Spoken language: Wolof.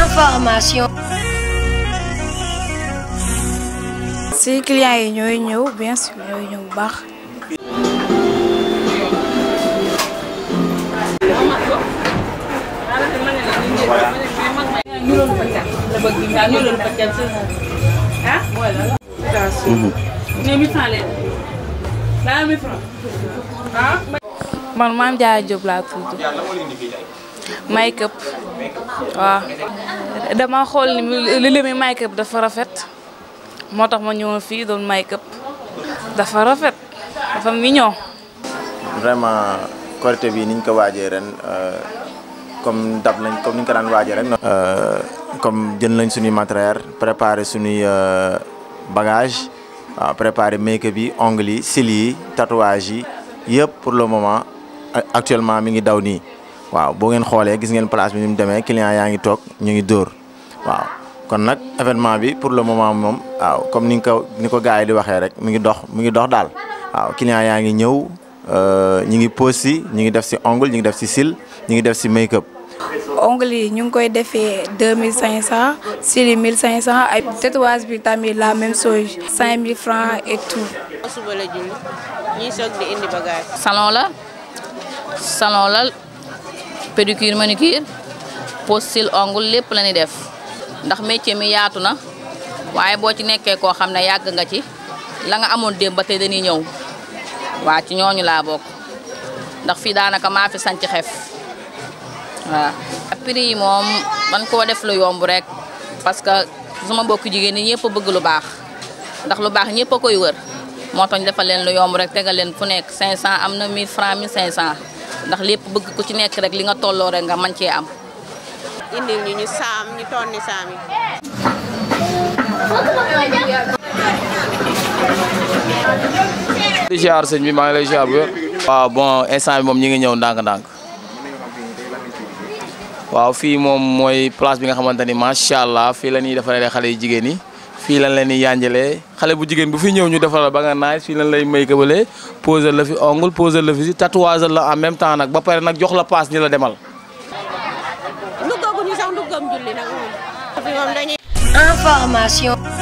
information. si clients ñooy ñëw bien baax. Hmm. man maam Diarra Diop laa tudd. make dama xool ni li mi make up dafa rafet moo tax ma ñëwoon fii doon make up dafa rafet dafa mignon vraiment korité bi niñ ko waajee ren euh, comme dab nañ comme niñ ko daan waajee ren euh, comme jën nañ suñuy matériel préparé suñuy euh, bagage waaw préparé make-up yi ongles yi yi tatouage yi yëpp pour le moment actuellement mi ngi daw nii waaw boo ngeen xoolee gis ngeen place bi nu mu demee client yaa ngi toog ñu ngi dóor waaw kon nag événement bi pour le moment moom waaw comme ni nga ko ni ko gars di waxee rek mi ngi dox mi ngi dox daal waaw client yaa ngi ñëw euh, ñu ngi pose si ñu ngi def si ongle ñi ngi def si cils ñi ngi def si make up. ongle yi ñu ngi koy defee deux mille cinq cent cils mille cinq cent ay tatouage bi tamit la même chose cinq mille francs et tout. la salon la. pédicure manucure postille ongul lépp la ñuy def ndax métier mi yaatu na waaye boo ci nekkee koo xam ne yàgg nga ci la nga amoon dém ba tey dañuy ñëw waa ci ñooñu laa ndax fii daanaka maa sanc xef waaw. prix yi moom man koo def lu yomb rek parce que suma mbokku jigéen ñi ñëpp bëgg lu baax ndax lu baax ñëpp a koy wër moo tax ñu leen lu yomb rek tegal leen ku nekk 500 am na 1000 francs 1500. ndax lépp bëgg ku ci nekk rek li nga tolloo rek nga man cee am. indil ñu ñu saam ñu tonni saam yi. di ziar sëñ bi maa ngi lay ziar bu wér. waaw bon instant bi moom ñi ngi ñëw ndànk-ndànk. waaw fii moom mooy place bi nga xamante ni macha allah fii la ñuy defaree xale yu jigéen ñi. fii lan leen di yanjalee xale bu jigéen bu fi ñëw ñu defal la ba nga naaj fii lan lay may këbalee poser la fi ongle poser la fi si la en même temps nag ba pare nag jox la paas ni la demal. lu googu ñu sax nduggam julli nag moom. information.